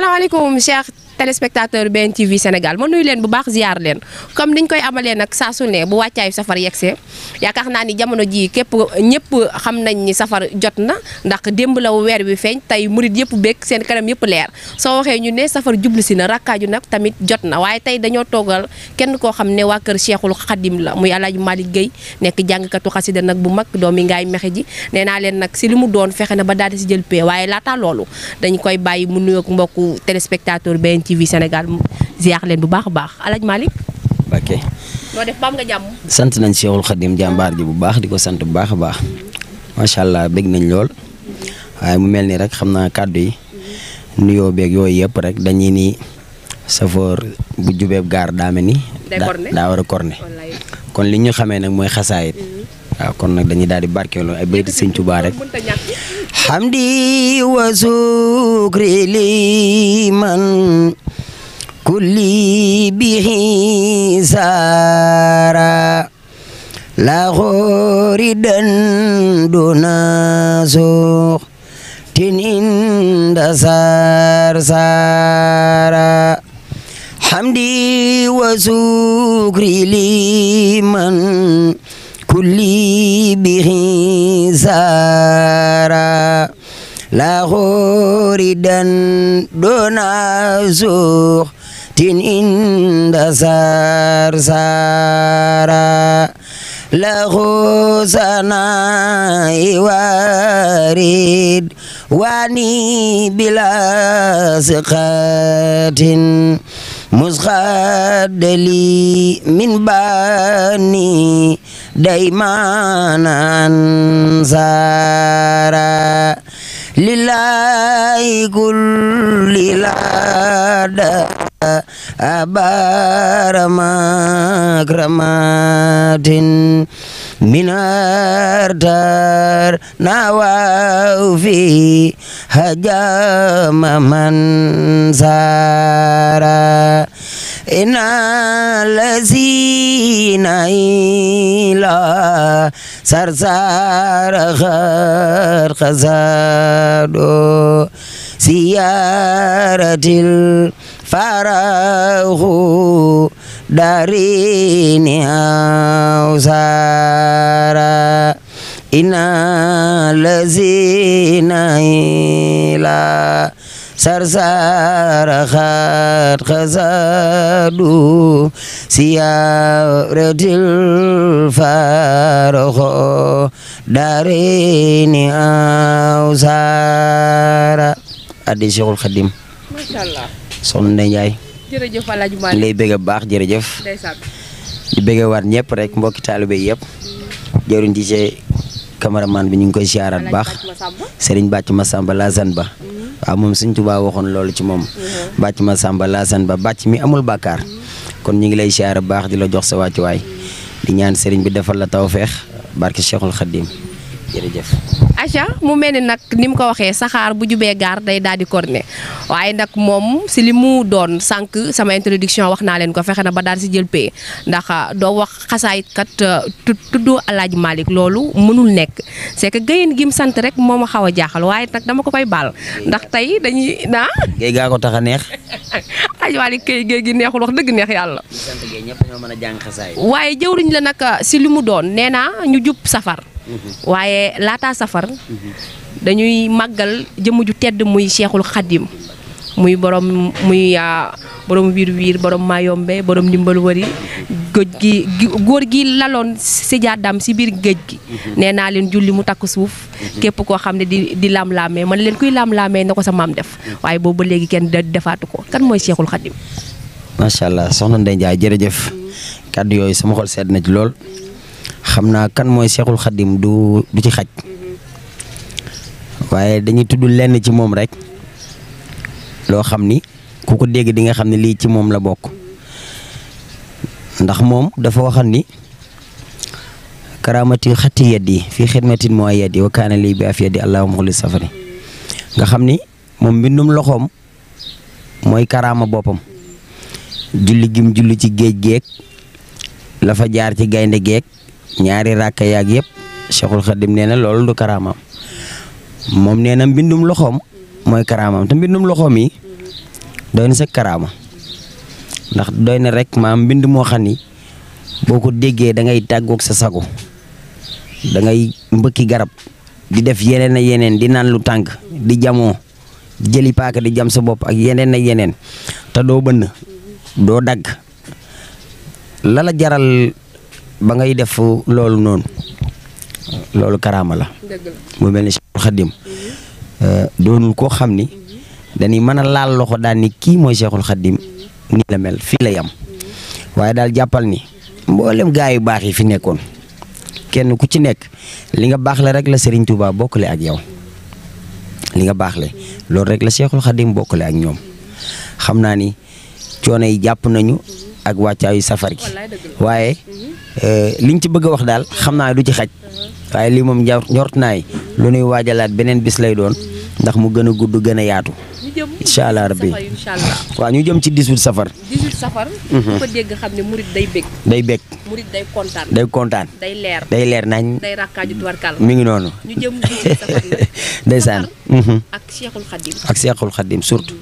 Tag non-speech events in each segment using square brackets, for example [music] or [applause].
salaamaaleykum Cheikh téléspectateur BNTV Sénégal mo nuy len bu baax ziar len comme niñ koy amalé nak sa su bu waccay safar yexé yakax na ni jamono ji képp ñepp xam nañ ni safar jotna ndax demb la wër wi feñ tay murit yépp bék sen kanam yépp leer so waxé ñu né safar jublu sina na nak tamit jotna na tay dañoo togal kenn ko xam né wa kër Cheikhul Khadim la muy El malik Malick nek jang katu xasida nak bu mak domi ngay mexé ji nee naa leen si limu doon fexé na ba daal ci jël pee waaye laata lolu dañ koy bayyi mu mbokku téléspectateur TV Sénégal ziar leen bu baax a baax alaaj Malick ok noo def baam nga jàmm. sant nañ Cheikhul Khadim jàmbaar ji bu baax di ko sant bu baax baax macha allah bégg nañ lool waaye mu mel ni rek xam naa kàddu yi nuyoo beeg yooyu yëpp rek dañuy ni safoor bu jubee bu gaar daa mel ni. daa war a corné kon li ñu xamee nag mooy xasaayit mm-hmm. waaw kon nag dañuy daal di barkeeloo ay bayti sëñ Tuubaa rek hamdi wa sukri liman كلي به سارا لا غوردا دون سوق تنين دسار سارا حمدي وسكري لمن كلي به سارا لا غوردا دون سوق تين إن دزار زارا لغو زنا وارد واني بلا زقات مزغاد لي من باني دايما انزارا لله كل لله أبار مكرمات من أردار نواو في هجام من سارا إن الذين إلى سرسار خر خزادو سيارة farahu darini awsara ina lazina ila sarsara xat xasadu siyaretil faraho darini awsara addi Cheikhul Khadim soxna Ndeye Ndiaye. jërëjëf El Hadj lay bëgg a baax jërëjëf. ndeysaan. di bëgg waat ñëpp rek mbokki taalibe yëpp. jëruñ ci see cameraman bi ñu ngi koy siyaaraat baax. Serigne Bàcc Masamba Lazane Ba. Mm-hmm. waaw moom Sëñ Tuubaa waxoon loolu ci moom. Mm-hmm. Bàcc Masamba Lazane Ba bàcc mi amul bàkkaar. Mm-hmm. kon ñu ngi lay siyaara baax di la jox sa wàccuwaay. di ñaan sëriñ bi defal la tawféex barke Cheikhul Khadim. jërëjëf momen mu melni nak nim ko waxe saxar bu jubee gar day daal di waye nak mom ci limu don sank sama introduction wax naa leen ko fexena ba dal si jël pé ndax ah, do wax kat ah, tuddoo aladj malik malik mënul nek c'est que géyeen gi mu sant rek moma xawa jaxal waye nak dama ko koy bal ndax tay dañuy na gey ga ko tax a neex [laughs] Alaaji Malick kay gey gi neexul wax deug neex yalla sant géy ñoo la nak ci ah, limu don neena ñu jup safar waaye laataa safar dañuy màggal jëmm ju tedd muy Cheikhul Khadim muy borom muy ah, borom wiir wiir borom maayombe borom ndimbal wari géej gi góor gi laloon si jaadam si biir géej gi nee naa leen julli mu takk suuf képp koo xam ne di di laam-laamee man leen kuy laam-laamee na ko sa maam def waaye boobu ba léegi kenn defaatu ko kan mooy Cheikhul Khadim macha allah soxna Ndeye Ndiaye jërëjëf kàddu yooyu sama xol sedd na ci lool xamna kan moy cheikhul khadim du du ci xaj waye dañuy tuddu lenn ci mom rek lo xamni ni deg di nga xamni li ci mom la bok ndax mom dafa waxal ni karaamati xatti yaddi fii xidmatin mooy wa kana li bi afyadi yaddi allahuma safari nga xamni mom bindum loxom moy karama bopam julli gim julli ci geej geek la fa jaar ci gaynde geek ñaari rakka yaag yeb cheikhul khadim neena lolou du karama mom neena bindum loxom moy karama te bindum loxom yi doyna sa karama ndax doyna rek maam bind mo xani boko boo da ngay tàggoog sa sago da ngay garab di def yenen ak yenen di nan lu di jamu, jeli pak di jam sa bop ak yenen ak yenen ta do bënn do dag lala jaral ba ngay def loolu noonu loolu karaama la mu mel ni Cheikhul Khadim euh, doonul koo xam ni dañuy mën a laal loxo daal ni kii mooy Cheikhul Khadim nii la mel fii la yam waaye daal jàppal ni mboolem gaa yu baax yi fi nekkoon kenn ku ci nekk li nga baax la rek la Serigne Touba bokkale ak yow li nga baax la loolu rek la Cheikhul ak ñoom xam naa ni coono yi jàpp nañu ak wàccaayu safar gi waaye mhm. Euh, liñ ci bëgg a wax daal xam naa du ci xaj waaye lii moom njort naay lu nuy waajalaat beneen bis lay doon ndax mu gën a gudd gën a yaatu. incha allah rabbi waa ñu jëm ci 18 safar. 18 safar. Mhm. xam ne murit day bég. day kontaan. leer day leer nañ. day mi ngi noonu. ñu jëm 18 safar la. [laughs] ndeysaan. Mhm. ak Cheikhul Khadim. surtout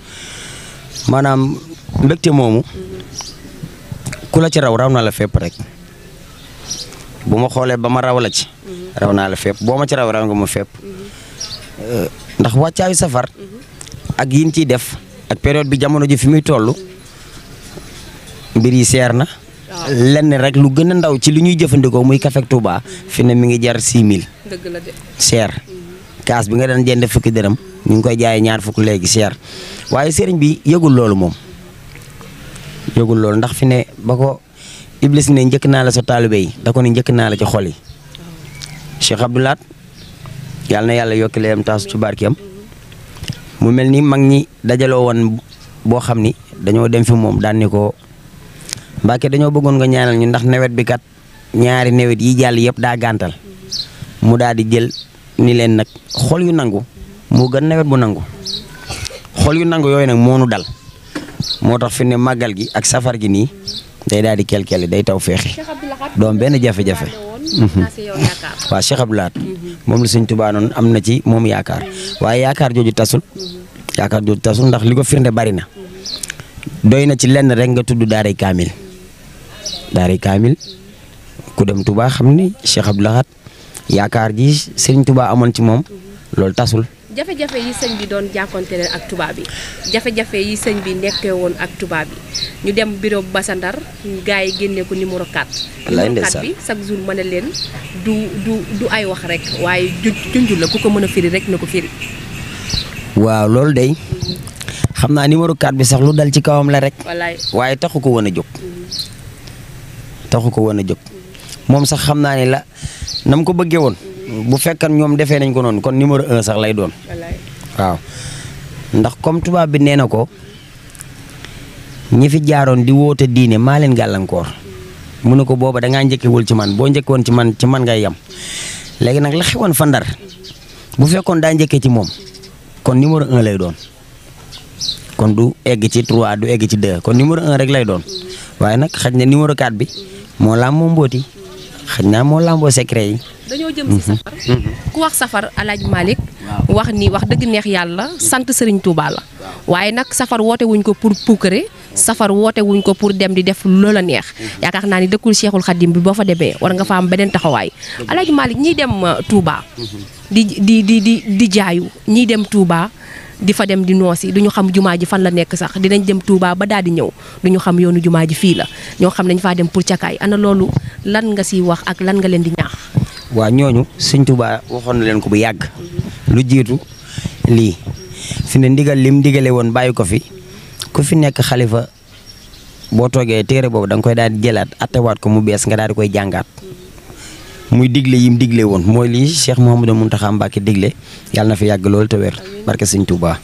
maanaam mbégte moomu mhm. ku la ci raw raw na la fépp rek. bu ma xoolee ba ma raw la ci. Mhm. raw naa la fépp boo ma ci raw raw nga ma fépp. Mhm. Euh, ndax wàccaayu safar. Mhm. ak yin ciy def ak période bi jamono ji fi muy toll mbir yi seer na. lenn rek lu gën a ndaw ci li ñuy jëfandikoo muy café Touba fi ne mi ngi jar 6000. mille la de seer. kaas bi nga daan jend fukki dërëm ñu ngi koy jaayee ñaar fukk léegi seer waaye sëriñ bi yëgul loolu moom yëgul loolu ndax fi ne ba Iblis ne njëkk naa la sa taalibe yi da ko njëkk naa la ci xol yi Cheikh Abdou Lahat yàlla na yàlla yokk leeyam taasu ci barkeem mu mel ni mag ñi dajaloo woon boo xam ni dañoo dem fi moom daan ni ko Mbàkke dañoo bëggoon nga ñaanal ñu ndax nawet bi kat ñaari nawet yi jàll yëpp daa gàntal mu daal di jël ni leen nag xol yu nangu moo gën nawet bu nangu xol yu nangu yooyu nag moonu dal moo tax fi ne màggal gi ak safar gi nii day daal di kelkel day taw feexi doom benn jafe-jafe [laughs] waaw Cheikh Abdou Lahad mhm. moom la Sëñ Tuubaa noonu am na ci moom yaakaar mhm. waaye yaakaar jooju tasul mhm. yaakaar jooju tasul ndax li ko firnde bari na doy na ci lenn rek nga tudd daaray kaamil daaray kaamil ku dem Tuubaa xam ni Cheikh Abdou Lahad yaakaar ji Sëriñ Tuubaa amoon ci moom loolu tasul jafe-jafe yi sëñ bi doon jànkonteel ak tubaab yi jafe-jafe yi sëñ bi nekkee woon ak tubaab yi ñu dem bureau Bassandar gars yi génne ko numéro 4. wallaay ndeysaan numéro 4 bi chaque jour mën leen du du du ay wax rek waaye ju la ku ko mën a firi rek na ko firi. waaw loolu day xam naa numéro 4 bi sax lu dal ci kawam la rek. waaye taxu ko woon a jóg. taxu ko woon a jóg moom sax xam naa ne la nam ko bëggee woon. bu fekkan ñoom defee nañ ko noonu kon numéro un sax lay doon. waaw ndax comme tubaab bi nee na ko ñi fi jaaroon di woote diine maaleen leen gàllankoor mu ne ko booba da ngaa njëkkewul ci man boo njëkkoon ci man ci man ngay yem léegi nag la xewoon fa ndar bu fekkoon daa njëkke ci moom kon numéro un lay doon kon du egg ci trois du egg ci deux kon numéro un rek lay doon waaye nag xaj na numéro quatre bi moo laam moom mbooti. xëy naa moo làmboo secret yi. dañoo jëm si safar. Mhm. Mhm. ku wax safar alaaj Malick. wax ni wax dëgg neex yàlla sant sëriñ Touba la. waaye nag safar woote wuñ ko pour puukare. safar woote wuñ ko pour dem di def loola neex. yaakaar naa ni dëkkul Cheikhul Khadim bi boo fa demee war nga fa am beneen taxawaay. alaaj Malick ñiy dem Touba. Mhm. di di di di di jaayu ñiy dem Touba. di fa dem di noosi ñu xam jumaa ji fan la nekk sax dinañ dem tuubaa ba daal di ñëw ñu xam yoonu jumaa ji fii la ñoo xam dañ faa dem pour cakaay ana loolu lan nga siy wax ak lan nga leen di ñaax. waa ñooñu sëñ Touba waxoon na leen ko bu yàgg lu jiitu lii fi ne ndigal lim ndigale woon bàyyi ko fi ku fi nekk xalifa boo toogee téere boobu da nga koy daal di jëlaat attewaat ko mu bees nga daal di koy jàngaat. muy digle yi mu digle woon mooy lii Cheikh Mouhamadou Mountakha Mbacké digle yàlla na fi yàgg loolu te wér barke sëñ Touba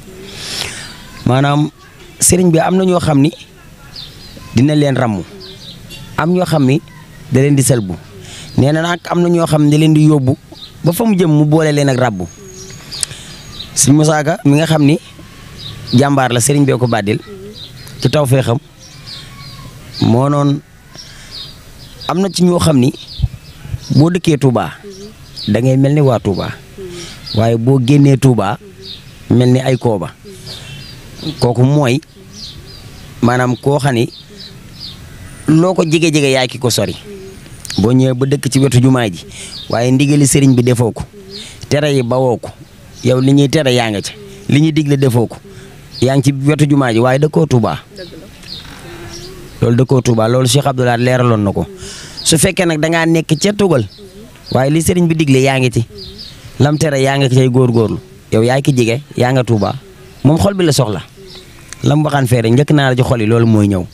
maanaam sëriñ bi am na ñoo xam ni dina leen ràmm am ñoo xam ni da leen di selbu nee na nag am na ñoo xam ne da leen di yóbbu ba fa mu jëm mu boole leen ak ràbbu sëñ Moussa Ka nga xam ni jàmbaar la sëriñ bee ko bàddil ci taw fee xam moo noon am na ci ñoo xam ni boo dëkkee Touba dangay mel ni waa Touba waaye boo génnee Touba mel ni ay kooba kooku mooy maanaam koo xam ni loo ko jege jege yaay ki ko sori boo ñëwee ba dëkk ci wetu jumaa ji waaye ndigali sëriñ bi defoo ko tere yi bawoo ko yow li ñuy tere yaa nga ca li ñuy digle defoo ko yaa ngi ci wetu jumaa ji waaye dëkkoo tubaa loolu dëkkoo Touba loolu Cheikh Abdoulaye leeraloon na ko. su fekke nak da nga nek ci tugal waye li serigne bi diglé yaangi ci lam tere yaa nga gor góorgóorlu yow yaay ki jige yaa nga tuuba moom xol bi la soxla lam waxan fee rek njëkk naa la ci xol yi lool moy ñew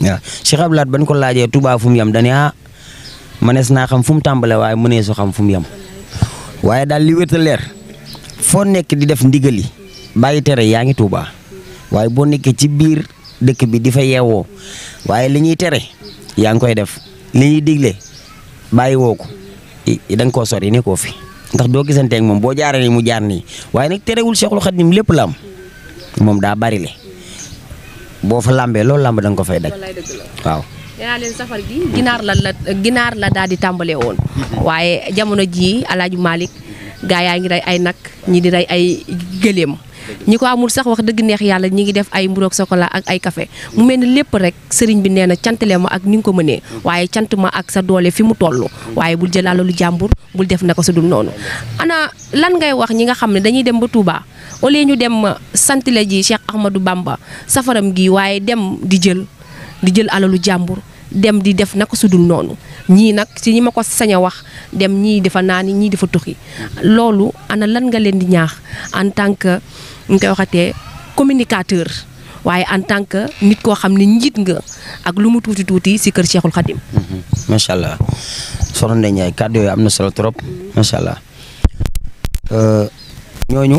waaw Cheikh abdoulat ban ko laajee touba fum yam dañ dañuy ah, manes na xam fum tambalé waye waaye su xam fum yam waye dal li wëta lèr fo nek di def ndigal yi bàyyi tere yaangi touba waye bo nek ci bir dëkk bi difa fa waye li ñuy tere yaa koy def li ñuy digle bàyyi woo ko da nga koo sori ne koo fi ndax doo gisanteeg moom boo jaaree nii mu jaar nii waaye nag terewul Cheikhul Khadim lépp la moom daa bari le boo fa lambee loolu lamb da ko fay daj waaw. gi ginaar la la ginaar la daal di tàmbalee woon waaye jamono jii El Hadj Malick gaa yaa ngi rey ay nag ñi di rey ay gëléem ñi ko amul sax wax dëgg neex yàlla ñi ngi def ay mburoog chocolat ak ay kafe mu mel ni lépp rek sëriñ bi nee na cantale ma ak ni nga ko mënee waaye cant ma ak sa doole fi mu toll waaye bul jël alalu jàmbur bul def naka su dul noonu ana lan ngay wax ñi nga xam ne dañuy dem ba Touba au ñu dem santile ji Cheikh Ahmadou Bamba safaram gi waaye dem di jël di jël alalu jàmbur dem di def naka su dul noonu ñii nag ci ñi ma ko sañ a wax dem ñii dafa naani ñii dafa tuxi loolu ana lan nga leen di ñaax en tant que ñu koy waxatee communicateur waye en tant que nit ko xamni ne nga ak lu mu tuti tuti si keur Cheikhul Khadim. Mhm. machallah allah soxna Ndeye Ndiaye kàddu amna solo trop machallah allah euh, ñoñu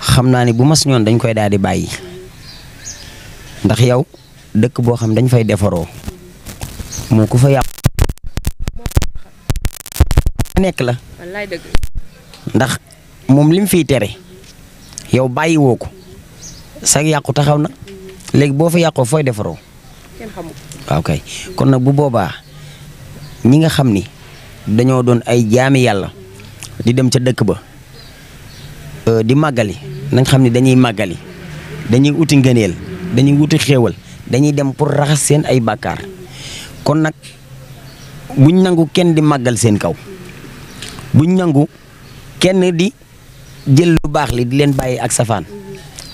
xamna ni bu mas ñoon dañ koy daal di ndax yow dekk bo xam dañ fay deforo mo ku fa yapp nek la. wallahi fitere. ndax mom lim yow bàyyi woo ko sa yàqu taxaw na léegi boo fa yàqoo fooy defaroo ah, okay kon nak bu boba ñi nga xamni dañu doon ay jami yalla di dem ca dekk ba euh, di magali, nañ xamni dañuy magali dañuy outi ngeenel dañuy wuti xewal dañuy dem pour raxas sen ay bakar kon nak buñ nangu kenn di magal sen kaw buñ nangu kenn di jël lu bax li di len baye ak safan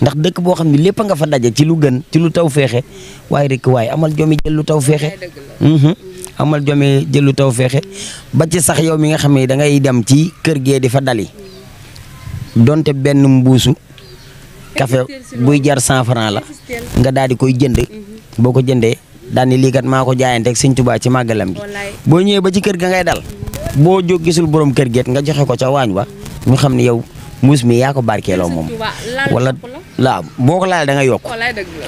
ndax dekk bo xamni lepp nga fa dajje ci lu gën ci lu tawfexé way rek way amal jomi jël lu taw hmm amal jomi jël lu tawfexé ba ci sax yow mi nga xamni da ngay dem ci kër gee di fa dali donte ben mbusu café buy jar 100 francs la nga di koy jënd boko jëndé jëndee ni kat mako ko jaayante ak seigne touba ci magalam bi bo ñëwee ba ci kër ga ngay dal bo jog gisul borom kër geet nga joxé ko ca wañ wa ñu xamni yow muus mi yaa ko barkeeloo moom. wala laa boo ko laal da yokk.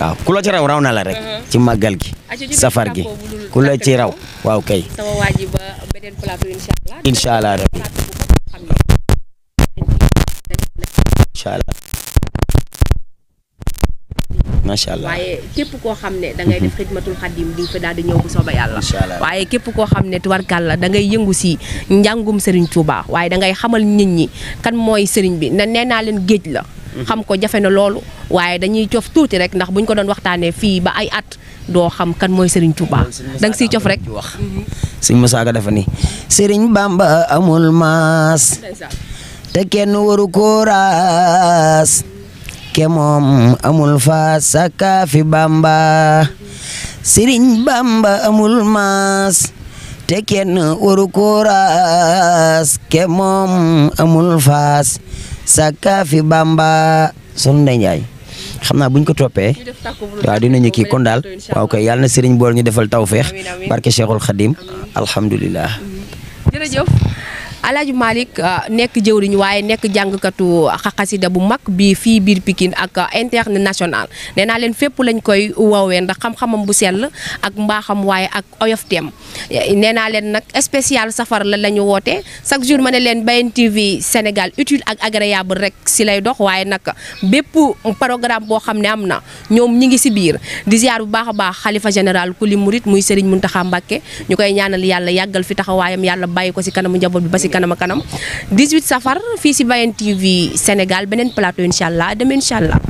waaw ku la ci raw raw na la rek. Uh-huh. ci màggal gi. safar gi ku la ci raw. waaw kay. incha allah. incha macha allah waaye képp koo xam ne da ngay def xidmatul xadim di daal di ñëw bu sooba yàlla waaye képp koo xam ne tubarkàlla da ngay yëngu si njàngum sëriñ Touba waaye da ngay xamal nit ñi kan mooy sëriñ bi na nee naa leen géej la mhm. xam ko jafe na loolu waaye dañuy cof tuuti rek ndax buñ ko doon waxtaanee fii ba ay at doo xam kan mooy sëriñ Touba da nga siy cof rek wax sëñ Musaa Ka dafa ni sëriñ Bamba amul maas te kenn waru ko raas Mbàkke moom amul fa saka fi Bamba Sëriñ Bamba amul maas te kenn waru amul faas saka Bamba son Ndeye xam naa buñ ñu ko toppee waaw dinañu kii kon daal yàlla na sëriñ bool ñu defal tawféex barke Cheikhul Khadim alhamdulilah Malik nek uh, nekk waye nek jang katu xasida bu mak bi fi bir pikin ak international nee len fepp lañ koy wowe ndax xam-xamam bu sel ak mbaaxam waye ak oyofteem nee naa leen nag safar la la wote chaque jour mané len Bayen TV Sénégal utile ak agréable rek si lay dox waye nak bepp programme bo xamné ne ñom ñi ngi ci bir di ziar bu baax baax khalifa général kuli murit muy Serigne Mountakha Mbacké ñukay ñaanal yalla yagal fi taxawayam yalla bayiko ci kanamu bi kanam a kanam 18 safar fii si Bayen TV Sénégal beneen plateau incha allah dem incha allah.